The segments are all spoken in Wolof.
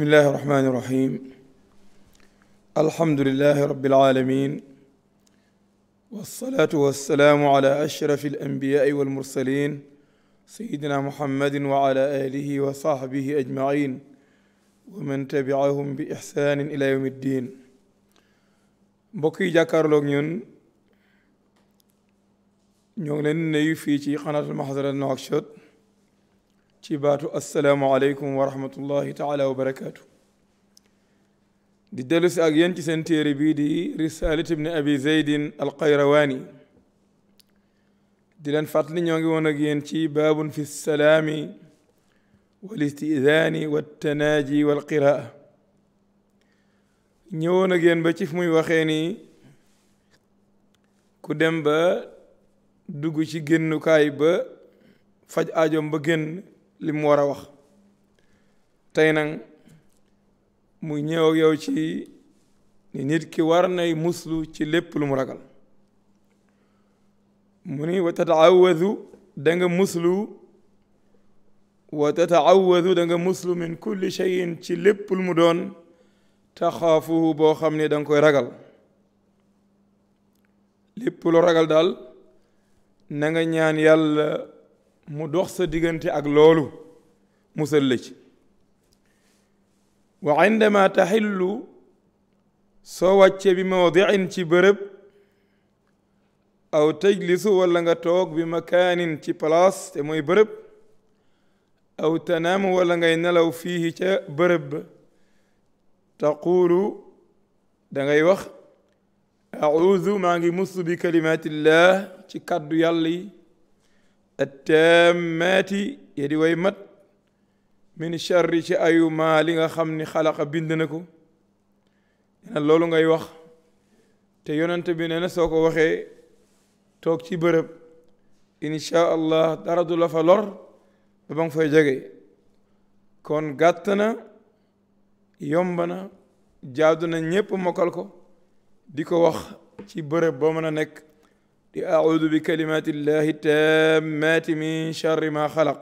bismillahi irrahmani irrahim alhamdulilahi rabiilalamin walsalaatu walsalaamu ala ashrafi alanbiyaai walmursalin sayidina muhammadin waala alihi wa saxbihi ajmain wa man tabiahum bi ixsanin ila yawm ddin mbokk yi jàkkaarloog ñun ñoo ngi leen nuyu fii ci xanaatul Mahazara Nouakchott ci baatu asalaamualeykum wa rahmatullahi taala wa barakaatu. di dellusi ak yéen ci seen téere bii di risalat abi zeydin alqayrawaani di leen fàttali ñoo ngi woon ak yéen ci baabun fi salaami wal istidaani waltanaaji walqiraa ñëwoon ak yéen ba ci fu muy waxee ni ku dem ba dugg ci génnukaay ba faj aajoom ba génn limu mu war a wax tey nag mu ñëw ak yow ci ni nit ki war nay muslu ci lépp lu mu ragal mu ni wa tataawadu da nga muslu wa tataawadu da muslu min kulli cheyin ci lépp mu doon taxaafuhu boo xam ne da nga koy ragal lépp ragal daal na nga ñaan mu dox sa diggante ak loolu musal la ci wa indama taxillu soo wàcce bi mawdiin ci bërëb aw tajlisu walla nga toog bi makaanin ci place te mooy bërëb aw tanaamu walla ngay nelaw fii ca bërëb ba taquulu da ngay wax maa ngi musu bi kalimatillah ci kàddu yàlla attaammaati ya di way mat min charri ci ayu maa li nga xam ni xalaqa bind na ko nag loolu ngay wax te yonent bi nee na soo ko waxee toog ci bërëb insha allah dara du la fa lor ba ba jege kon gàtt na yomb na jaadu na ñépp mokkal ko di ko wax ci bërëb boo mën a nekk di audu bi kalimati llahi tammati min charri ma xalaq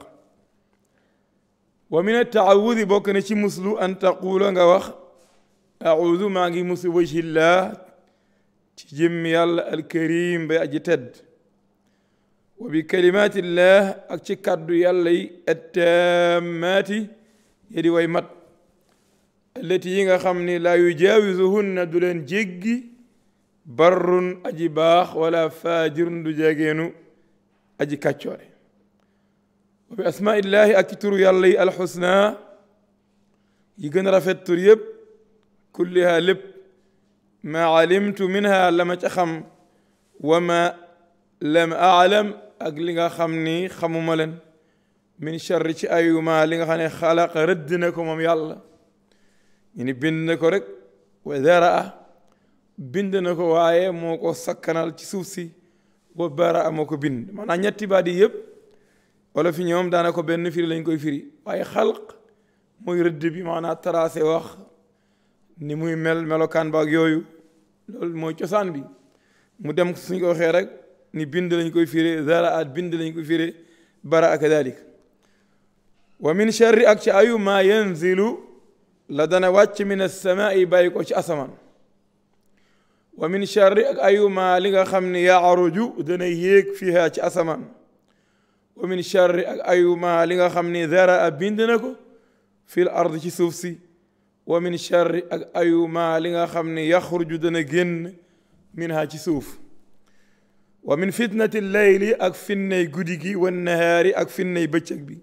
wa min altaawudi bokk na ci muslu an taqula nga wax audu maa ngi musu wajhillah ci jëm yàlla alkarim bay aji wa bi kalimati llah ak ci kàddu yàlla yi attammati way mat allati yi nga xam ne laa yujaawisuhunna du leen jéggi barrun aji baax wala faajirun du jeegeenu aji kàccoore wa bi asmaillaahi ak ci turu yàlla yi alxusna gën a rafet tur yépp kulliha lépp maa alimtu minha ma ca xam wa ma lam aalam ak li nga xam ni xamuma leen min charri ci ma li nga xam ne xalaqa rëdd ko moom yàlla ñu ni bind na ko rek wa daraa bind na ko waaye moo ko sakkanal ci suuf si wa bara moo ko bind mana ñetti baat yi yëpp wala fi ñoom daana ko benn firi lañ koy firi waaye xalq mooy rëdd bi maanaam tracé wax ni muy mel melokaan baak yooyu loolu mooy cosaan bi mu dem suñ ko waxee rek ni bind lañ koy firee zaraat bind lañ koy firee bara ak dalik wa min sharri ak ci ayu maa yanzilu la dana wàcc min assamaa'i bàyyi ko ci asamaan wa min charri ak ayuma li nga xam ne yaaruju dana yéeg fiha ci asamaan wa min charri ak ayuma li nga xam ni daraa bind na ko fi l ci suuf si wa min charri ak ayuma li nga xam ne yaxruju dana génn minha ci suuf wa min fitnati leyli ak finnay guddi gi wa nahaari ak finnay bëccëg bi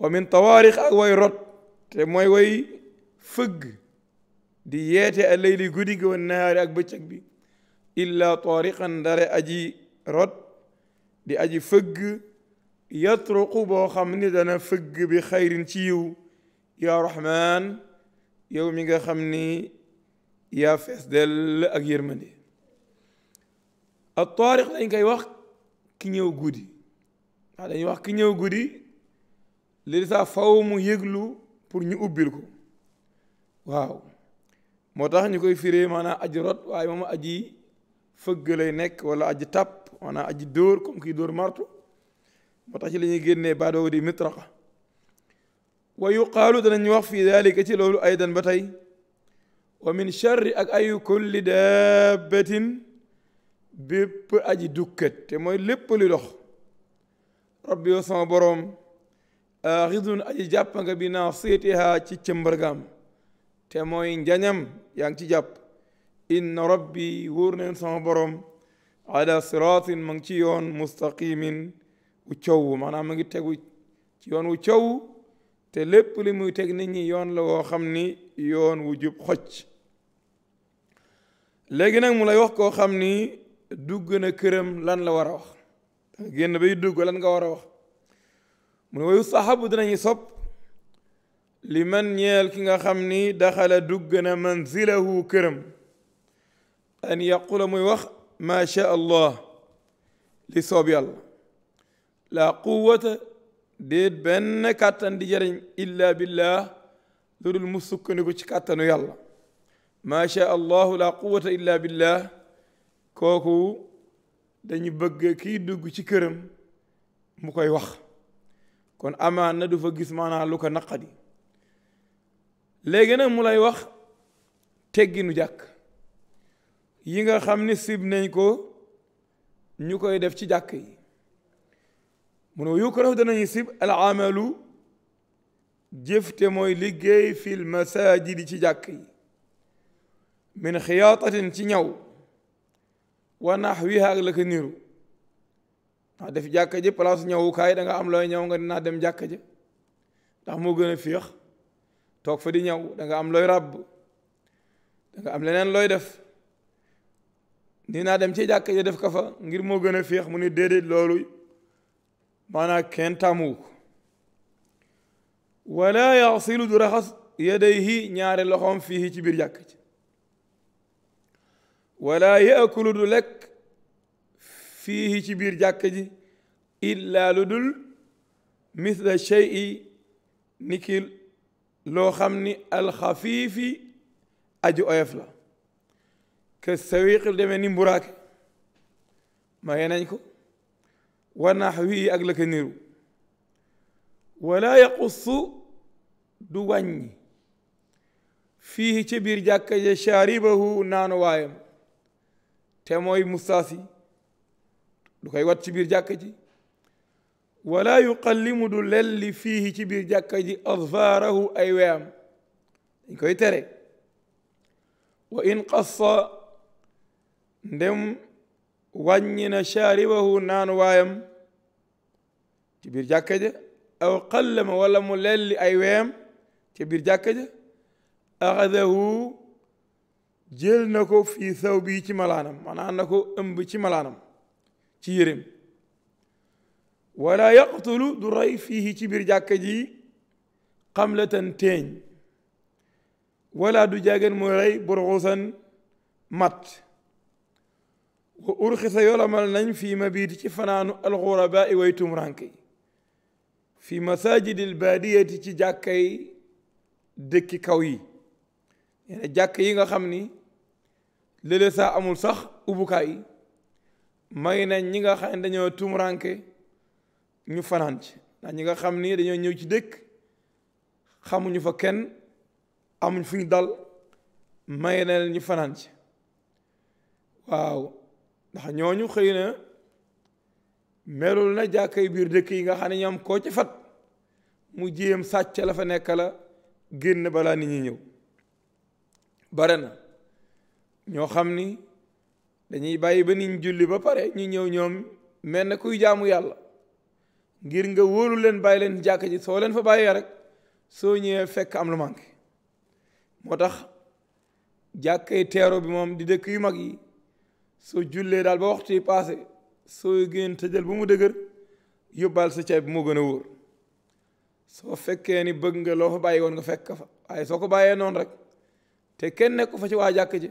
wa min tawaarix ak way rot te mooy way fëgg di yeete a layli guddi gi woon nahaari ak bëccëg bi illa tariqan dare aji rot di aji fëgg yatruqu boo xam ni dana fëgg bi xayrin ci yiw yaa rahman yow mi nga xam ni yaa fees dell ak yërmande ak taariq dañ koy wax ki ñëw guddi waaw dañuy wax ki ñëw guddi li sax faw mu yëglu pour ñu ubbil ko waaw moo tax ñu koy firee maanaam aji rot waaye moom aji fëgg lay nekk wala aji tàpp maanaam aji dóor comme kii dóor martu moo tax ci la ñuy génnee baat boobu di mitraqa wa yuqaalu danañ wax fii dalika ci loolu aydan ba tey wa min charri ak ay kulli dabbatin bépp aji dukkat te mooy lépp li dox rabbi yow sama boroom axidun aji nga bi naasiyatiha ci cëmbargaam te mooy njañam yaa ngi ci jàpp inna rabbi wóor neen sama borom ala siraatin ma ngi ci yoon mustaqimin wu cow maanaam ma ngi wu ci yoon wu cow te lépp li muy teg nit ñi yoon la woo xam ni yoon wu jub xocc léegi nag mu lay wax koo xam ni dugg na këram lan la war a wax génn bay dugg lan nga war a wax mu ne wayu saxabu dinañu sopp li man ñeel ki nga xam ni daxala dugg na manzilahu këram an yaqula muy wax maa sha allah li soob yàlla laa quwata déet benn kàttan di jariñ illa billah lu dul mu sukkandiku ci kàttanu yàlla maa sha allahu laa quwata illa billah kooku dañu bëgg ki dugg ci këram mu koy wax kon amaan na du fa gis maanaa lu ko naqadi léegi nag mu lay wax tegginu jàkk yi nga xam ni sib nañ ko ñu koy def ci jàkk yi mu ne yukrahu danañu sib al amalu jëf te mooy liggéey fil masajidi ci jàkk yi min xiyaatatin ci ñaw wa nahwiha ak la ko niru ndax def jàkk ji place ñawukaay da nga am looy ñaw nga dinaa dem jàkk ji ndax moo gën a féex toog fa di ñëw daga am looy ràbb da am leneen looy def nii dem ci jàkk ja def ko fa ngir moo gën a féex mu ne déedéet loolu maanaa kenn tàmmu ko wala yaxsilu du raxas yadayhi ñaari loxoom fii ci biir jàkk ci wala yaakulu du lekk fii ci biir jàkk ji illa lu dul mithla shay'i nikil loo xam ni alxafiifi aju oyof la ke sawiqil deme ni mburaake maye nañ ko wa ak la niru wala yaqussu du wàññi fii ci biir jàkka ja shaaribahu naanu waayam te mooy mustaasi du koy wat ci biir jàkka ji wala yuqallimu du lelli fiihi ci biir jàkka ji ay weyam dañ koy tere wa in qassa ndem wàññi na shaaribahu naan waayam ci biir jàkka ja aw qallama wala mu lelli ay weyam ci biir jàkka ja axadahu jël na ko fii saw bii ci malaanam maanaa na ko ëmb ci malaanam ci yërëm wala yaqtulu du rey fii ci biir jàkk ji xamlatan teeñ wala du jaageen mu rey burxusan mat wa urxisa yolamal nañ fii mabiit ci fanaanu alxurabaa i way tumrank yi fi masajidi albaadiyati ci jàkkay dëkki kaw yi yeene jàkk yi nga xam ni léeg saa amul sax ubukaay may nañ ñi nga xam ne dañoo tumranke ñu fanaan ci ndax ñi nga xam ni dañoo ñëw ci dëkk xamuñu fa kenn amuñ fu ñu dal maye na leen ñu fanaan ci waaw ndax ñooñu xëy na melul na jàkkay biir dëkk yi nga xam ne ñoom koo ci fat mu jéem sàcc la fa nekk la génn balaa nit ñi ñëw bare na ñoo xam ni dañuy bàyyi ba nit ñu julli ba pare ñu ñëw ñoom mel na kuy jaamu yàlla ngir nga wóolu leen bàyyi leen jàkk ji soo leen fa bàyyee rek soo ñëwee fekk am lu manqué moo tax jàkkay teero bi moom di dëkk yu mag yi soo jullee daal ba waxtu yi paase soo génn tëjal bu mu dëgër yóbbaal sa caay bu moo gën a wóor soo fekkee ni bëgg nga loo fa bàyyi woon nga fekk ka fa waaye soo ko bàyyee noonu rek te kenn nekku fa ci waa jàkk ji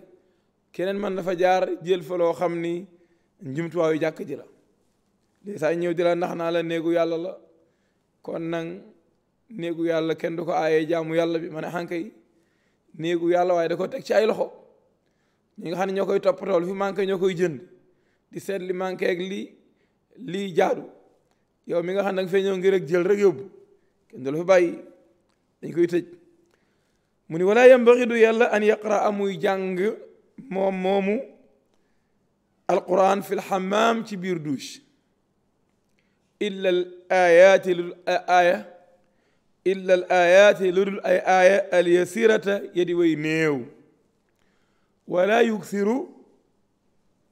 keneen man dafa jaar jël fa loo xam ni njumtuwaayu jàkk ji la saa ñëw di la nax naa la néegu yàlla la kon nag néegu yàlla kenn du ko aayee jaamu yàlla bi ma ne xànk néegu yàlla waaye da ko teg ci ay loxo ñi nga xam ne ñoo koy toppatool fi manqué ñoo koy jënd di seet li manqué ak li lii jaadu yow mi nga xam ne danga fee ñëw ngir rek jël rek yóbbu kenn du la fi bàyyi dañ koy tëj mu ni wala yambaxi du yàlla an yaqra amuy jàng moom moomu alquran fi lxamaam ci biir douche illa al lu aaya illa al lu dul ay aaya al way néew wala yuksiru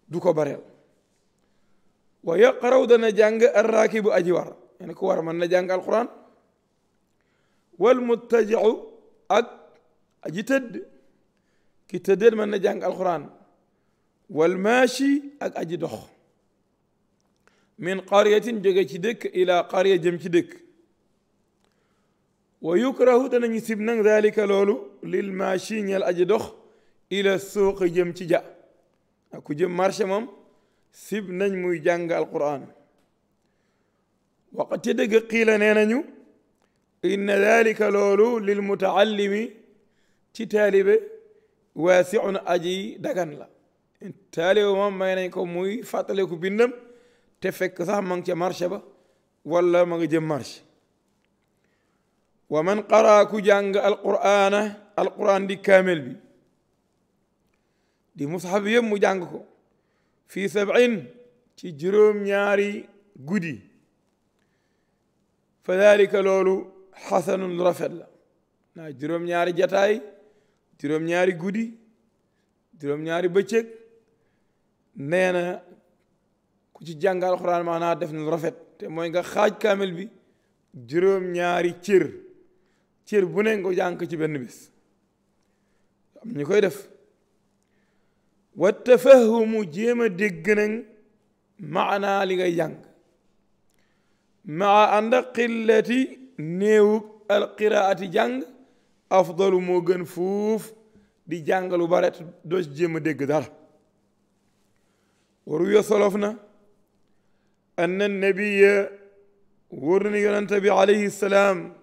du ko bareel wa yaqaraw dana jàng arraakibu aji war yani ku war mën na jàng alquran wal muttajiu ak aji tëdd ki tëddeen mën na jàng alquran wal maashi ak aji dox min qaryatin jóge ci dëkk ila qarya jëm ci dëkk wa yukrahu danañu sib nag dalika loolu lil maashi ñel aji dox ila suuq jëm ci ja ak ku jëm marché nañ muy jàng alquran waqat te dëgg qiila nee nañu inna dalika loolu lil mutaallimi ci taalibe waasiun aji dagan la taalibe moom may ko muy fàttale ku bindam te fekk sax ma ngi ca marché ba wala ma nga jëm marché wa man qaraa ku jàng alquraana alquraan di kaamel bi di mushaf yëpp mu jàng ko fii sabin ci juróom-ñaari guddi fa dalika loolu xasanun rafet la naa juróom-ñaari jataay juróom-ñaari guddi juróom-ñaari bëccëg ci jàng alxuraan maanaa def na rafet te mooy nga xaaj kaamil bi juróom-ñaari cër cër bu ne nga jàng ci benn bis ñu koy def wa tafahumu jéem a dégg nañ maanaa li ngay jàng maa ànd qillati néewug alqiraati jàng afdalu moo gën fuuf di jàng lu bare doo ci jéem a dégg dara waru yo solof na ann annabiya wóor na ni bi alayhi salaam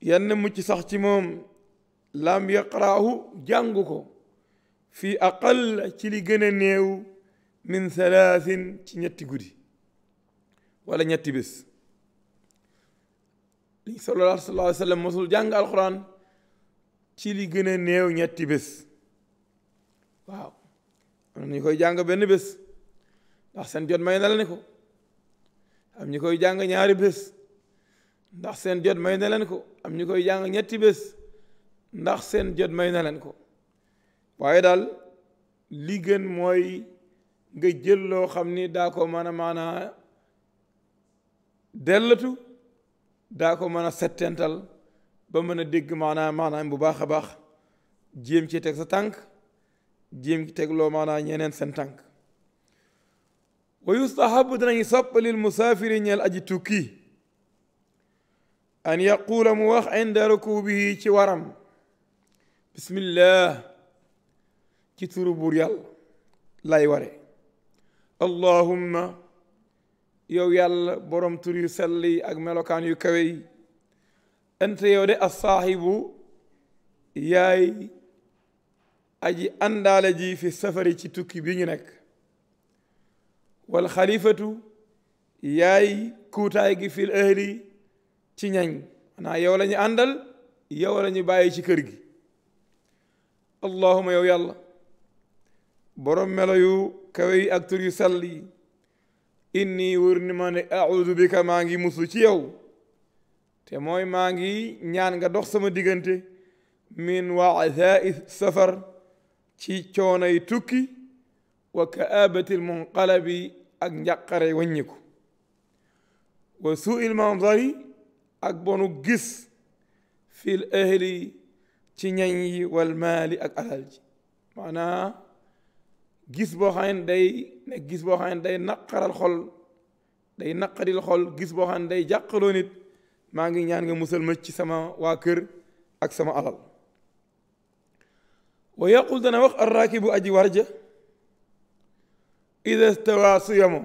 yann mucc sax ci moom lam yaqra'hu jàngu ko fii aqal li gën néew min thalathin ci ñetti guddi wala ñetti bés li sallallahu alayhi wa sallam mosul jàng alquran ci li gën a néew waaw am na ñu koy jàng benn bés ndax seen jot may na ne ko am ñu koy jàng ñaari bés ndax seen jot may na leen ko am ñu koy jàng ñetti bés ndax seen jot may na leen ko waaye daal lii gën mooy nga jël loo xam ni daa ko mën a maanaa dellatu daa ko mën a settental ba mën a dégg maanaa maanaam bu baax a baax jéem ci teg sa tànk jéem ci teg loo maanaa ñeneen seen tànk wa yustahabu danañ sopp lil musaafiri ñeel aji tukki an yaquula mu wax inda rukubihi ci waram bismillah ci turu buur yàlla lay ware allahumma yow yàlla borom tur yu sell yi ak melokaan yu kawe yi ante yow de assaahibu yaay aji àndaale ji fi safari ci tukki bi ñu nekk wal xalifatu yaay kuutaay gi fil ahli ci ñañ xanaa yow la ñu àndal yow bàyyi ci kër gi allahuma yow yàlla borom melo yu kawe yi yu sell yi inni wër ni ma ne audu bika maa ngi muslu ci yow te mooy maa ngi ñaan nga dox sama diggante min waadai safar ci coonay tukki wa kaabatil munqalabi ak njàqare wàññiku wa suil manzari ak bonu gis fil ahli ci ñañ yi wal maali ak alal ji maanaa gis boo xam ne day nekk gis boo xam ne day naqaral xol day naqadil xol gis boo xam ne day jàqaloo nit maa ngi ñaan nga musal ma ci sama waa kër ak sama alal wa yaqul dana wax arraakibu aji warja ida stawa su yemoo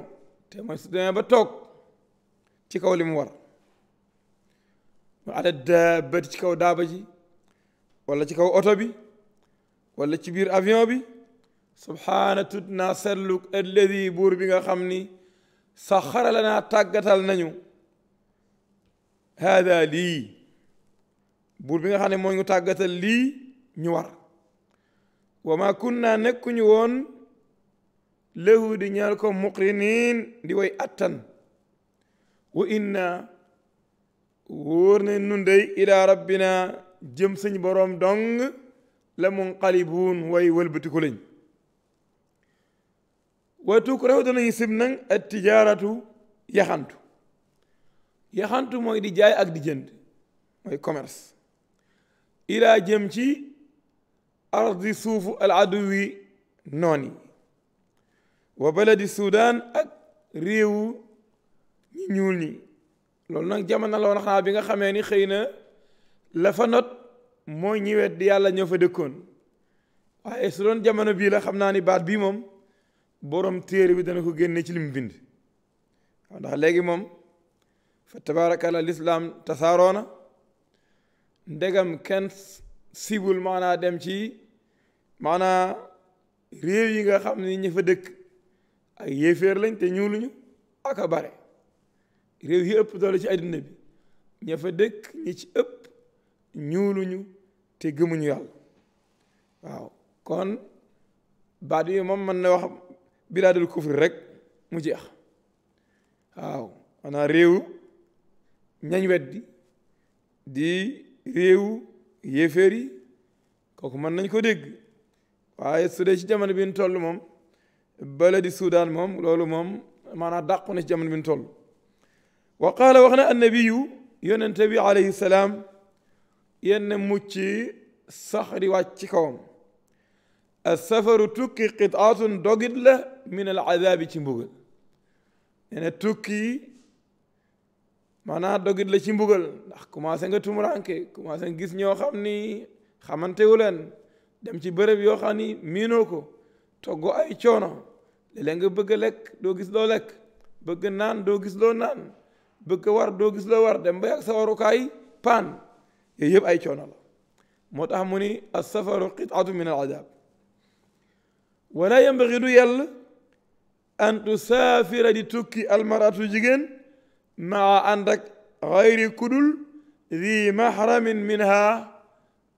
te mooy su demee ba toog ci kaw limu mu war ala daabati ci kaw daaba ji walla ci kaw oto bi wala ci biir avion bi subhaana tut naa seetlu alladi buur bi nga xam ni saxara la naa tàggatal nañu haada lii buur bi nga xam ne moo ñu tàggatal lii ñu war wa ma kunna nekkuñu woon lahu di ñaal ko muqrinin di way attan wa inna wóor ne nun rabbina jëm suñ boroom dong la munqalibuun way wëlbatiku lañ wa tukrahu danañu sib nang at tijaaratu yaxantu yaxantu mooy di jaay ak di jënd mooy commerce ilaa jëm ci ardi suufu al aduwi noon wa baladi Soudan ak réewu ñu ñuul ñi loolu nag jamono la woon bi nga xamee ni xëy na la fa not mooy ñi wet di yàlla ñoo fa dëkkoon waaye su doon jamono bii la xam naa ni baat bi moom borom téere bi dana ko génne ci li mu bind waaw ndax léegi moom fa tabaarakalla lislaam tasaaroona ndegam kenn sibul maanaa dem ci maanaa réew yi nga xam ni ñi fa dëkk ay yéeféer lañ te ñuuluñu ak a bare réew yi ëpp doole ci àddina bi ña fa dëkk ñi ci ëpp ñuuluñu te gëmuñu yàlla waaw kon baat yi moom mën na wax bilaadul rek mu jeex waaw maanaam réew ñañ weddi di réew yéeféer yi kooku mën nañ ko dégg waaye su dee ci jamono bi ñu toll moom bële di Soudan moom loolu moom maanaam dàqu na ci jamono bi ñu toll wa qaala wax na annabiyu yonente bi alayhi salaam yenn mucc sax di wàcc ci kawam asafaru tukki qitaatun dogit la min al azaabi ci mbugal nee tukki maanaam dogit la ci mbugal ndax commencé nga tumuranke commencé nga gis ñoo xam ni xamantewu leen dem ci bërëb yoo xam ni ko togg ay coono léeg-léeg nga bëgg lekk doo gis loo lekk bëgg naan doo gis loo naan bëgg war doo gis loo war dem ba yàgg sa warukaay paan yooyu yëpp ay coono la moo tax mu ni as-safaru qit'atu min al-adab wala yambagi du yell an tusaafira di tukki almaratu jigéen maa ànd ak xayri kudul di mahramin minha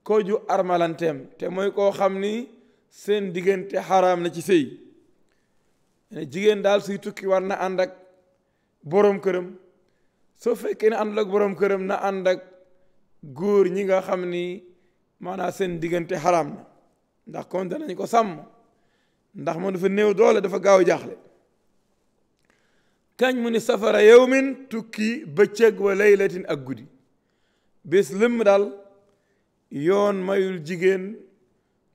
ko ju armalanteem te mooy koo xam ni seen diggante xaraam na ci sëy jigéen daal suy tukki war na ànd ak boroom këram soo fekkee ne àndul ak boroom këram na ànd ak góor ñi nga xam ni maanaam seen diggante xaraam na ndax kon danañ ko sàmm ndax ma dafa néew doole dafa gaaw jaaxle kañ mu ni safara yawmin tukki bëccëg wa laylatin ak guddi bés lëmm daal yoon mayul jigéen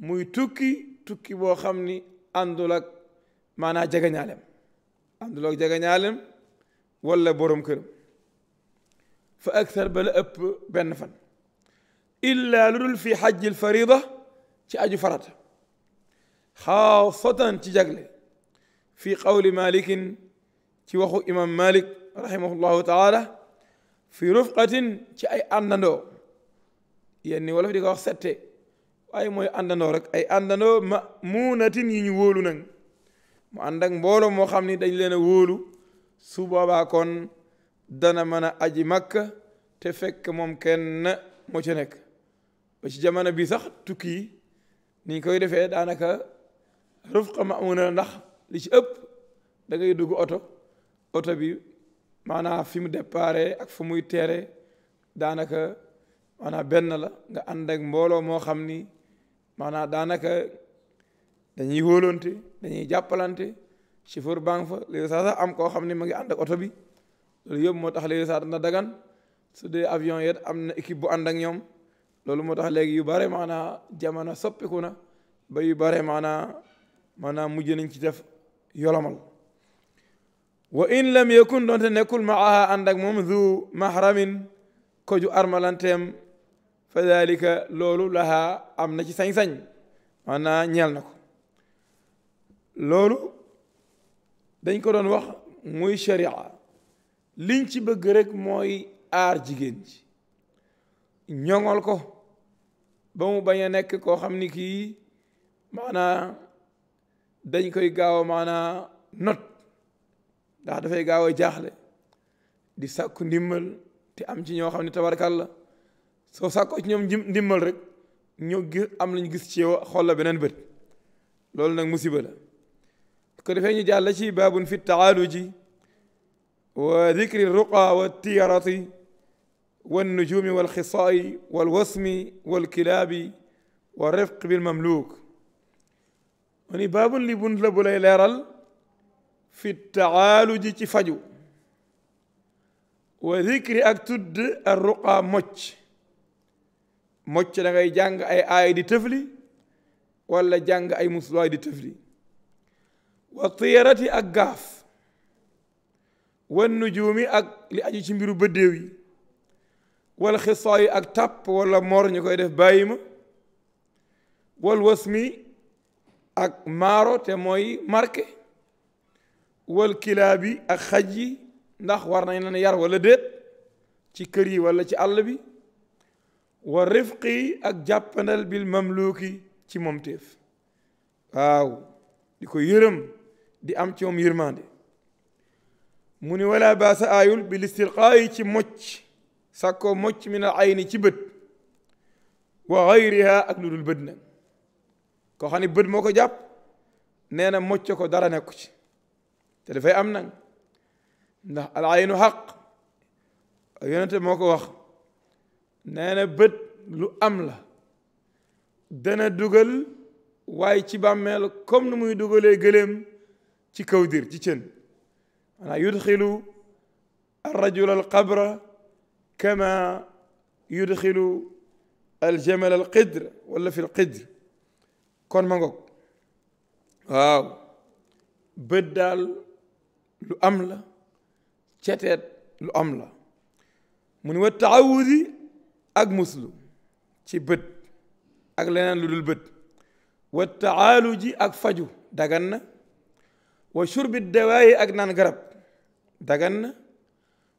muy tukki tukki boo xam ni àndul ak maanaa jegeñaalem àndul ak jegeñaalem wala borom këram fa akthar bala ëpp benn fan illa lu dul fi xajjil farida ci aju farata xaasatan ci jagle fi qawli malikin ci waxu imam malik rahimahullahu taala fi rufqatin ci ay àndandoo yenn wolof di ko wax sette waaye mooy àndandoo rek ay àndandoo ma muunatin yi ñu wóolu nag mu ànd mbooloo moo xam ni dañ leen a wóolu su boobaa kon dana mën a aji makka te fekk moom kenn moo ci nekk ba ci jamono bi sax tukki yi ni ñu koy defee daanaka rufqa maamuna ndax li ci ëpp dangay dugg oto oto bi maanaam fi mu dépare ak fu muy teere daanaka maanaam benn la nga ànd mbooloo moo xam ni maanaam daanaka dañuy wóolante dañuy jàppalante chauffeur baa ngi fa léegi saa sax am koo xam ne ma ngi ànd bi loolu yëpp moo tax léegi saa na dagan su dee avion yet am na équipe bu ànd ak ñoom loolu moo tax léegi yu bare maanaam jamono soppiku na ba yu bare mana maanaam mujj nañ ci def yolomal wa in lam yakun doonte nekkul maaha ànd ak moom zu mahramin ko ju armalanteem fa dalika loolu lahaa am na ci sañ-sañ maanaam ñeel na ko loolu dañ ko doon wax muy sharia liñ ci bëgg rek mooy aar jigéen ji ñoŋol ko ba mu bañ nekk koo xam ni kii maanaa dañ koy gaaw a maanaa not ndax dafay gaaw a jaaxle di sàkku ndimbal te am ci ñoo xam ne tabarkàlla so sàkkoo ci ñoom ndimbal rek ñoo gis am lañu gis ci yow xool la beneen bët loolu nag musiba la ko jàll ci baabun fi taaluji wa dikri ruqa wa tiyarati wa nujumi wal xisaayi wal wasmi wal kilaabi wa rifq bil mamluuk mu ni li bunt la leeral fi taaluji ci faju wa dikri ak tudd ar ruqa mocc mocc da jàng ay aaya di tëfli wala jàng ay musulaay di tëfli wa tiyarati ak gaaf wan nujuumi ak li aju ci mbiru bëddéew yi wal xisaa ak tàpp wala mor koy def bàyyi ma wal wasmi ak maaro te mooy marqué wal kilaabi ak xaj yi ndax war nañ leen yar wala déet ci kër yi wala ci àll bi wa rifqi ak jàppandal bil mamluuki ci moom téef di ko yërëm di am ci moom yërmande mu ni wala baasa aayul bi listilqaayi ci mocc sàkkoo mocc min al ayni ci bët wa xayriha ak lu dul bët nag koo xam ne bët moo ko jàpp nee na mocc ko dara nekku ci te dafay am nag ndax al aynu xaq yonente moo ko wax nee bët lu am la dana dugal waaye ci bàmmeel comme ni muy dugalee gëléem ci kaw dir ci cën maanaa yudxilu arrajula alqabra kama yudxilu aljamal alqidr wala fi lqidr kon ma ngoog waaw bët daal lu am la ceteet lu am la wa taawudi ak muslu ci bët ak leneen ludul bët wa taaluji ak faju dagan na wa shurbi dawaayi ak naan garab dagan na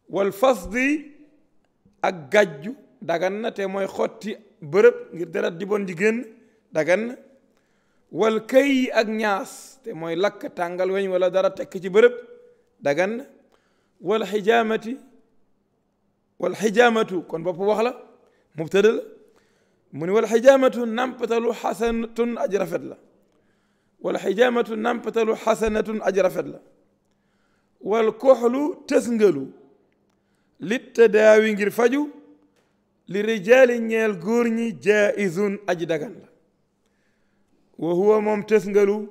wal fasdi ak gàjju dagan te mooy xotti bërëb ngir deret di bon ji dagan wal kay ak ñaas te mooy lakk tàngal weñ wala dara tekk ci bërëb dagan wal xijaamati wal xijaamatu kon bopp wax la mubtada la mu ni wal xijaamatu nàmpatalu xasanatun aj rafet la wal xijaamatu nàmpatalu xasanatun aji rafet la wal koxlu tësngalu lit tadaawi ngir faju li rijaali ñeel góor ñi jaizun aji dagan la wa huwa moom tësngalu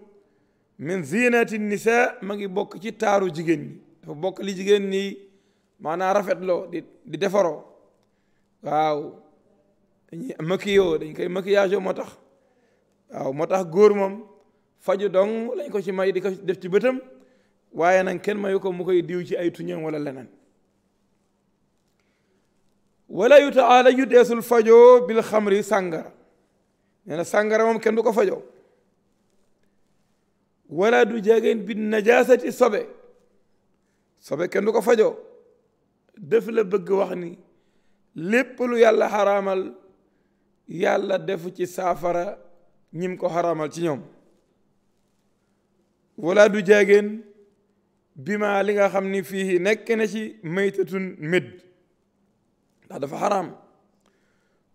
min zinati nisaa ma ngi bokk ci taaru jigéen ñi dafa bokk li jigéen ñi maanaa rafetloo di di defaroo waaw dañuy maquilloo dañ koy maquillage moo tax waaw moo tax góor moom faju dong lañ ko ci may di ko def ci bëtam waaye nag kenn mayu ko mu koy diw ci ay tuñam wala leneen wala yu taala yu deesul fajo bil xamri sàngara nee na sàngara moom kenn du ko fajo wala du jegeen bi najaasati sobe sobe kenn du ko fajoo def la bëgg wax ni lépp lu yàlla defu ci saafara ñim ko xaramal ci ñoom wala du jaageen bi ma li nga xam ni fii nekk na ci maytatun méd ndax dafa xaraam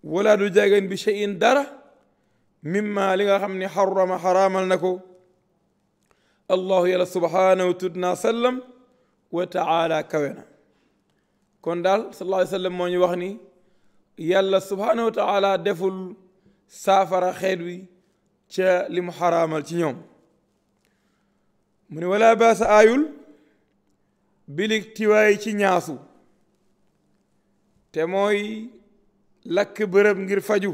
wala du jaageen bi cheyin dara mimma li nga xam ni xarama xaraamal na ko allahu yàlla subhanahu tudna sallam wa taala kawe kon daal sallallahu alayhi moo ñu wax ni yàlla subhanahu wa deful saafara xeet wi ca li mu xaraamal ci ñoom mu ne wala baasa aayul bilig tiwaay ci ñaasu te mooy lakk bërëb ngir faju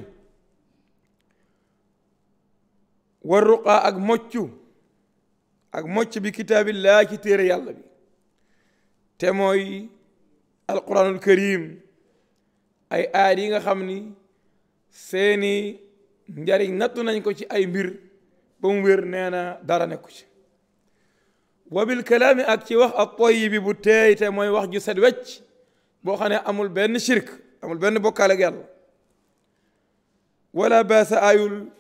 war ruqaa ak moccu ak mocc bi kitaabillaah ci téere yàlla bi te mooy alquranul karim ay aar yi nga xam ni seeni njariñ nattu nañ ko ci ay mbir ba mu wér nee na dara nekku ci wabil kalaami ak ci wax ak poy bu teey te mooy wax ju set wecc boo xam ne amul benn shirk amul benn bokkaal ak wala baasa ayul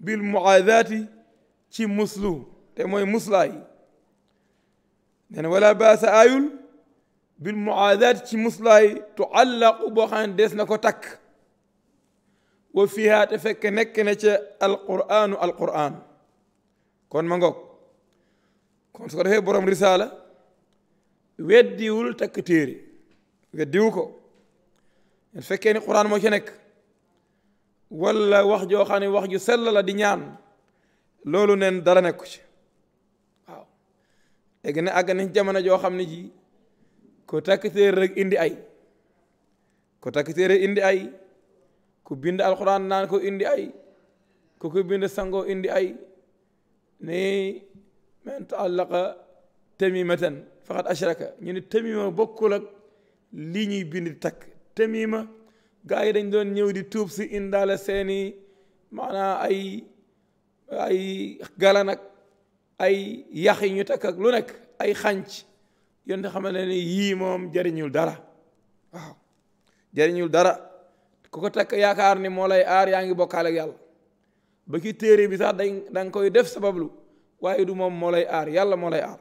bil muaadaati ci muslu te mooy muslaay nee wala baasa ayul bil muaadaat ci muslaay tuallaqu boo xam ne dees na ko takk wa fiha te fekk nekk na ca alquranu kon ma ngoog kon su ko defee borom risaala weddiwul takk téere weddiwu ko en fekkee ni quran moo ci nekk wala wax joo xam ne wax ju sell la di ñaan loolu neen dara nekku ci waaw léegi ne àgg nañ jamono joo xam ne ji ku takk rek indi ay ku takk téere indi ay ku bind alxuraan naan ko indi ay ku ko bind sangoo indi ay ni man taallaqa tamimatan faqad ashraka ñu ne tamima bokkul lii ñuy bind takk tamima gaa yi dañ doon ñëw di tuub si indaale seeni maanaa ay ay galan ak ay yax yi ñu takk ak lu nekk ay xànc yonte xamal ni yii moom jariñul dara waaw jariñul dara ku ko takk yaakaar ni moo aar yaa ngi bokkaale ak yàlla ba ki téere bi sax koy def sabablu waaye du moom moo lay aar yàlla moo lay aar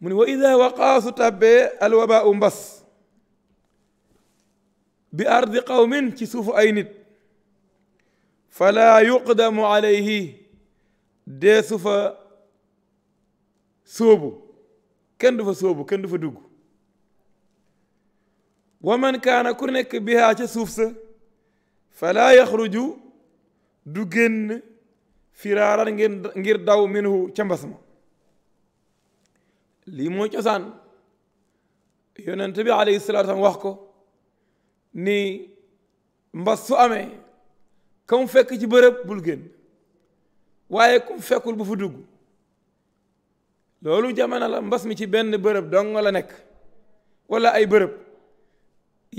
waaw wa ida waqaasu tàbbee alwaba mbas bi ardi qawmin ci suufu ay nit fala yuqdamu alayhi dee sufa sóobu kenn du fa sóobu kenn du fa dugg wa man kaana ku nekk bihaa ca suuf sa falaa yaxruju du génn firaaran ngir daw minu ca mbas ma lii mooy cosaan yonent bi alayhi salaam wax ko ni mbas su amee ka fekk ci bërëb bul génn waaye ku fekkul bu fu dugg loolu jamono la mbas mi ci benn bërëb dong la nekk wala ay bërëb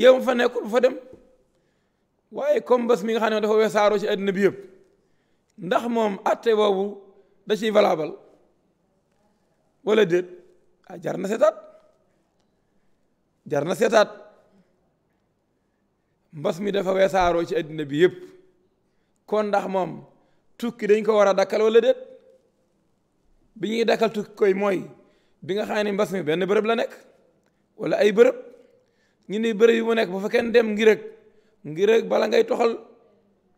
yow fa nekkul fa dem waaye comme mbas mi nga xam ne dafa wesaaroo ci àddina bi yëpp ndax moom atte boobu da ciy wala déet ah na seetaat jar na seetaat mbas mi dafa wesaaroo ci àddina bi yëpp kon ndax moom tukki dañ ko war a dakkal wala déet bi ñuy dakkal tukki koy mooy bi nga xam mbas mi benn bërëb la nekk wala ay bërëb ñu ni bërëb yi mu nekk bu fa kenn dem ngi rek ngir ak bala ngay toxal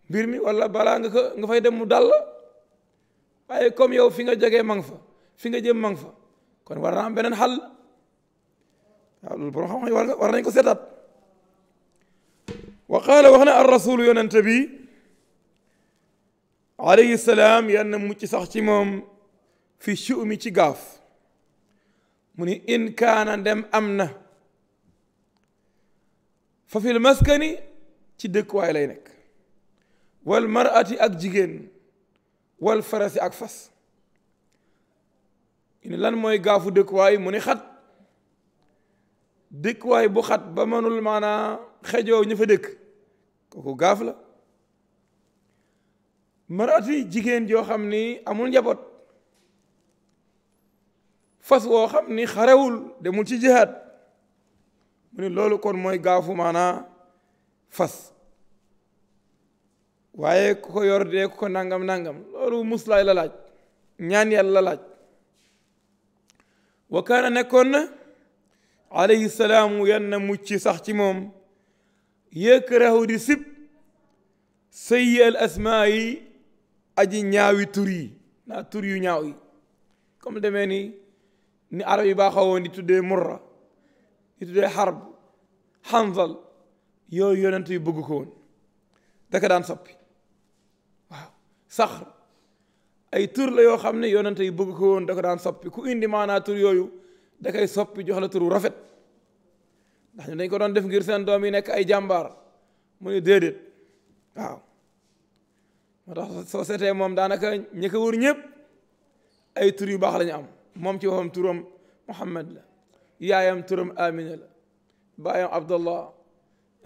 mbir mi walla balaa nga ko nga fay dem mu dal la waaye comme yow fi nga jege ma fa fi nga jëm ma fa kon war am beneen xàll waaw nañ ko seetaat wa qaala wax na ar rasul bi alayhi salaam yal na mucc sax ci moom fi suumi ci gaaf mu ni in kaana am na fa maskani ci dëkkuwaay lay nekk wal marati ak jigéen wal farasi ak fas ñu lan mooy gaafu dëkkuwaay mu ni xat dëkkuwaay bu xat ba mënul maanaa xejoo ñu fa dëkk kooku gaaf la marati jigéen joo xam ni amul njaboot fas woo xam ni xarewul demul ci jihaad mu ni loolu kon mooy gaafu maana fas waaye ku ko yor dee ko nangam nangam loolu muslaay la laaj ñaan yàlla la laaj wa kaana nekkoon na alayhi salaamu yan na mucc sax ci moom yëkkarahu di sib sayyi al yi aji ñaawi tur naa tur yu ñaaw yi comme demee ni ni arab yi baaxoo woon di tuddee murra di tuddee xarb xanzal yooyu yonent yu bëgg ko woon daka daan soppi waaw saxr ay tur la yoo xam ne yonent yu bëgg ko woon daka daan soppi ku indi maanaa tur yooyu da koy soppi jox la tur turu rafet ndax ñu dañ ko doon def ngir seen doom yi nekk ay jàmbaar mu ne déedéet waaw moo tax soo seetee moom daanaka ñi ko wër ñëpp ay tur yu baax lañu ñu am moom ci waxam turam Muhammad la yaayam turam Amina la baayam Abdallah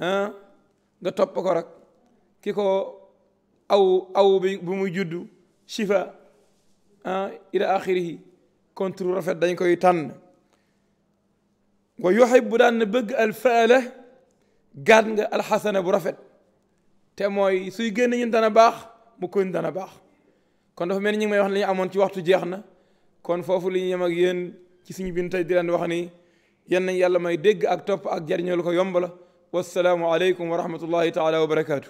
ah, nga topp ko rek ki ko aw aw bu muy juddu shifa ah, ila axirihi kon tur rafet dañ koy tànn wa yuhibbu daan na bëgg alfaala gaat nga alxasana bu rafet te mooy suy génn ñun dana baax mu koñ dana baax kon dafa mel ni ñu ngi may wax ne la amoon ci waxtu jeex na kon foofu li ñu yem ak yéen ci suñu bin tey di leen wax ni yan nañ yàlla may dégg ak topp ak jariñoo lu ko yomb la wasalaamu aleykum wa rahmatullahi taala wa barakaatu